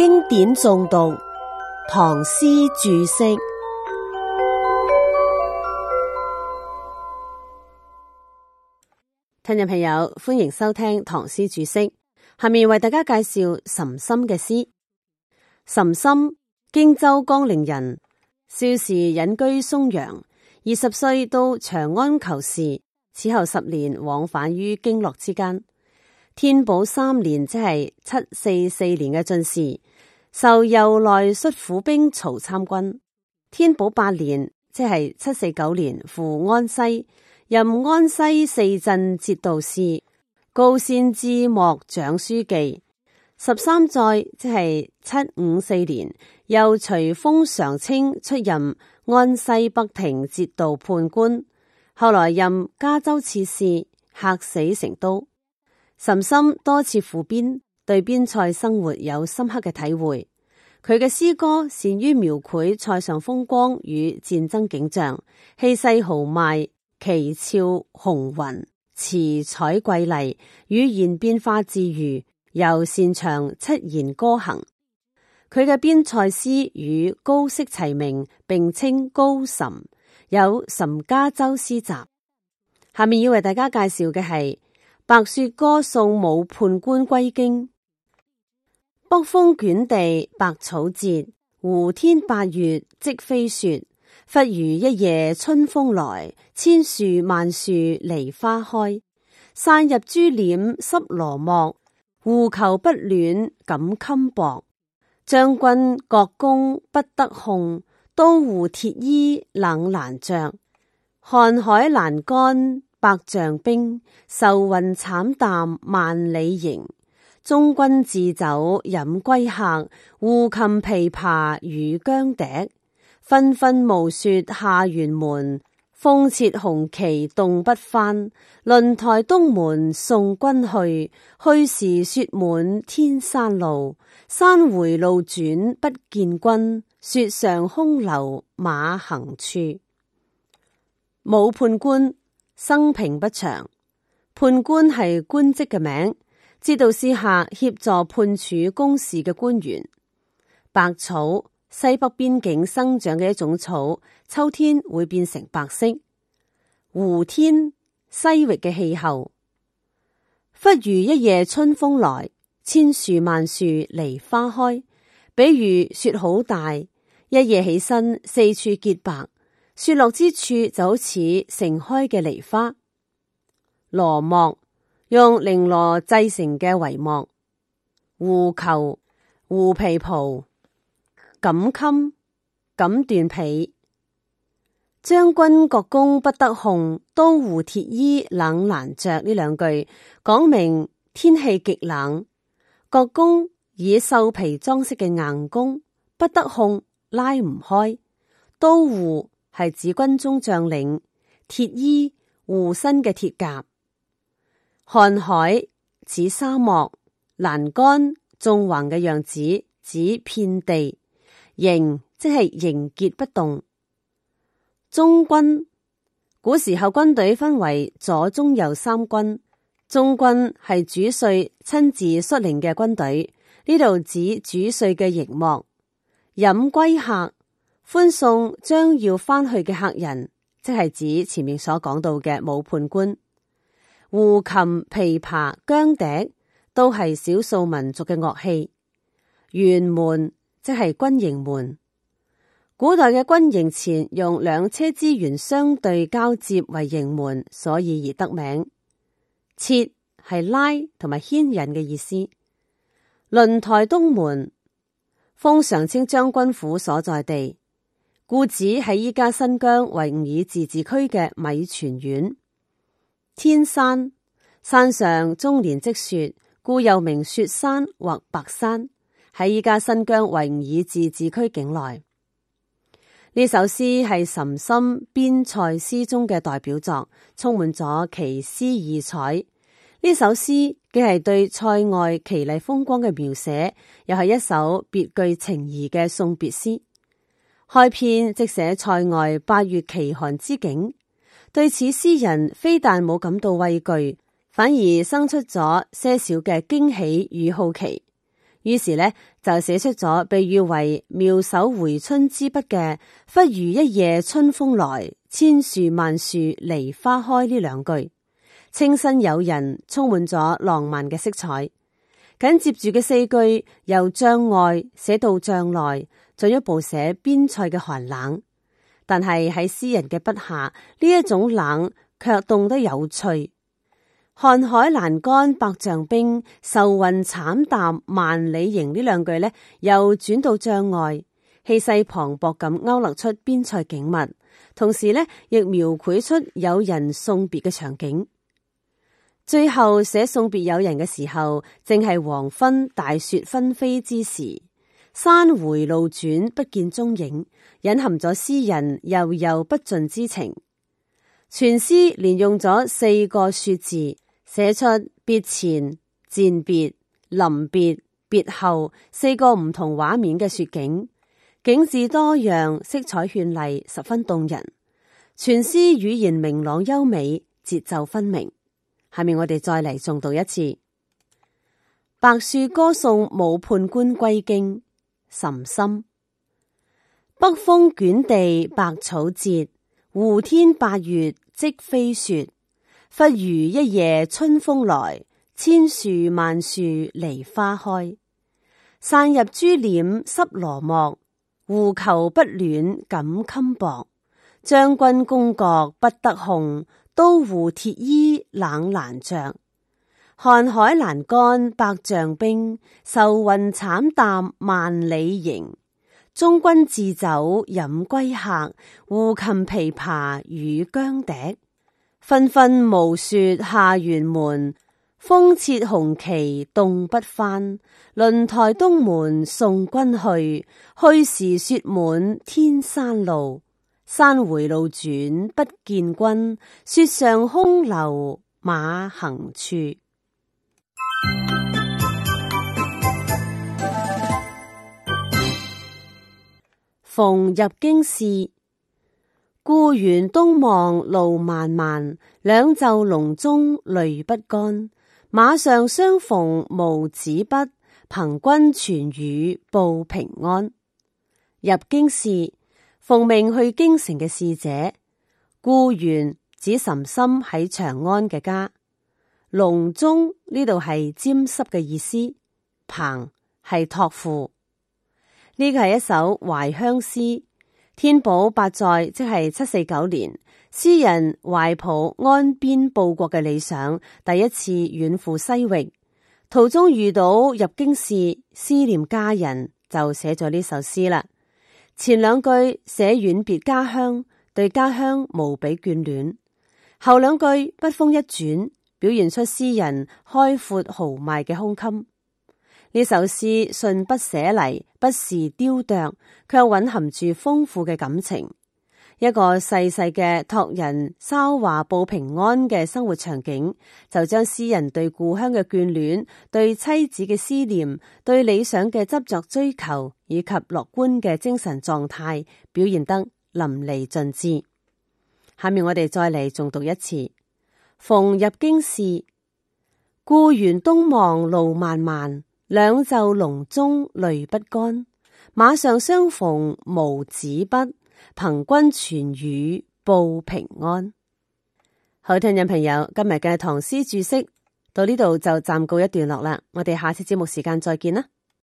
經典誦讀，唐詩注釋。聽眾朋友，歡迎收聽唐詩注釋。下面為大家介紹岑參嘅詩。岑參，荊州江陵人，少時隱居松陽，二十歲到長安求仕，此後十年往返於京洛之間。天寶三年，即係七四四年嘅進士。受右內率府兵曹參軍，天寶八年即係七四九年赴安西，任安西四鎮節度使，高仙芝幕長書記。十三載即係七五四年，又隨封常清出任安西北庭節度判官，後來任嘉州刺史，客死成都。岑參多次赴邊。對邊塞生活有深刻嘅體會，佢嘅詩歌善於描繪塞上風光與戰爭景象，氣勢豪邁，奇峭雄渾，辭采瑰麗，語言變化自如，又擅長七言歌行。佢嘅邊塞詩與高適齊名，並稱高岑，有《岑嘉州詩集》。下面要為大家介紹嘅係。白雪歌送武判官歸京。北風捲地白草折，胡天八月即飛雪。忽如一夜春風來，千樹萬樹梨花開。散入珠簾濕羅幕，狐裘不暖錦衾薄。將軍角弓不得控，都護鐵衣冷難着。瀚海闌干百丈冰，愁雲慘淡萬里凝。中軍置酒飲歸客，胡琴琵琶與羌笛。紛紛暮雪下轅門，風切紅旗凍不翻。輪台東門送君去，去時雪滿天山路。山回路轉不見君，雪上空留馬行處。武判官。生平不詳，判官係官職嘅名，知道私下協助判處公事嘅官員。白草，西北邊境生長嘅一種草，秋天會變成白色。胡天，西域嘅氣候。忽如一夜春風來，千樹萬樹梨花開。比喻雪好大，一夜起身，四處潔白。雪落之處就好似盛開嘅梨花。羅幕，用綾羅製成嘅帷幕。狐裘，狐皮袍。錦衾，錦緞被。將軍角弓不得控，都護鐵衣冷難着。呢兩句講明天氣極冷。角弓，以獸皮裝飾嘅硬弓。不得控，拉唔開。都護係指軍中將領。鐵衣，護身嘅鐵甲。瀚海，指沙漠。闌干，縱橫嘅樣子，指遍地。凝即係凝結不動。中軍，古時候軍隊分為左、中、右三軍，中軍係主帥親自率領嘅軍隊，呢度指主帥嘅營幕。飲歸客。歡送將要返去嘅客人，即係指前面所講到嘅武判官。胡琴、琵琶、羌笛都係少數民族嘅樂器。轅門即係軍營門，古代嘅軍營前用兩車之轅相對交接為營門，所以而得名。掣係拉同埋牽引嘅意思。輪台東門，封常清將軍府所在地。故址喺依家新疆維吾爾自治區嘅米泉縣。天山山上終年積雪，故又名雪山或白山，喺依家新疆維吾爾自治區境內。呢首詩係岑參邊塞詩中嘅代表作，充滿咗奇思異彩。呢首詩既係對塞外奇麗風光嘅描寫，又係一首別具情誼嘅送別詩。開篇即寫塞外八月奇寒之景，對此詩人非但冇感到畏懼，反而生出咗些少嘅驚喜與好奇。於是呢，就寫出咗被譽為妙手回春之筆嘅“忽如一夜春風來，千樹萬樹梨花開”呢兩句，清新誘人，充滿咗浪漫嘅色彩。緊接住嘅四句由帳外寫到帳內。進一步寫邊塞嘅寒冷，但係喺詩人嘅筆下，呢一種冷卻凍得有趣。瀚海闌干百丈冰，愁雲慘淡萬里凝。呢兩句咧又轉到帳外，氣勢磅礴咁勾勒出邊塞景物，同時咧亦描繪出友人送別嘅場景。最後寫送別友人嘅時候，正係黃昏大雪紛飛之時。山回路轉，不見蹤影，隱含咗詩人悠悠不盡之情。全詩連用咗四個雪字，寫出別前、餞別、臨別、別後四個唔同畫面嘅雪景，景致多樣，色彩絢麗，十分動人。全詩語言明朗優美，節奏分明。下面我哋再嚟誦讀一次《白雪歌送武判官歸京》。岑參：北風捲地白草折，胡天八月即飛雪。忽如一夜春風來，千樹萬樹梨花開。散入珠簾濕羅幕，狐裘不暖錦衾薄。將軍角弓不得控，都護鐵衣冷難着。瀚海闌干百丈冰，愁雲慘淡萬里凝。中軍置酒飲歸客，胡琴琵琶與羌笛。紛紛暮雪下轅門，風掣紅旗凍不翻。輪台東門送君去，去時雪滿天山路。山回路轉不見君，雪上空留馬行處。逢入京使。故園東望路漫漫，兩袖龍鍾淚不乾。馬上相逢無紙筆，憑君傳語報平安。入京使，奉命去京城嘅使者。故園指岑參喺長安嘅家。龍鍾呢度係沾濕嘅意思，憑係託付。呢個係一首懷鄉詩。天寶八載即係七四九年，詩人懷抱安邊報國嘅理想，第一次遠赴西域，途中遇到入京使，思念家人，就寫咗呢首詩啦。前兩句寫遠別家鄉，對家鄉無比眷戀；後兩句筆鋒一轉。表現出詩人開闊豪邁嘅胸襟。呢首詩信筆寫嚟，不時雕琢，卻蘊含住豐富嘅感情。一個細細嘅託人捎話報平安嘅生活場景，就將詩人對故鄉嘅眷戀、對妻子嘅思念、對理想嘅執着追求以及樂觀嘅精神狀態表現得淋漓盡致。下面我哋再嚟重讀一次。逢入京使，故園東望路漫漫，兩袖龍鐘淚不乾。馬上相逢無紙筆，憑君傳語報平安。好，聽眾朋友，今日嘅唐詩注釋到呢度就暫告一段落啦，我哋下次節目時間再見啦。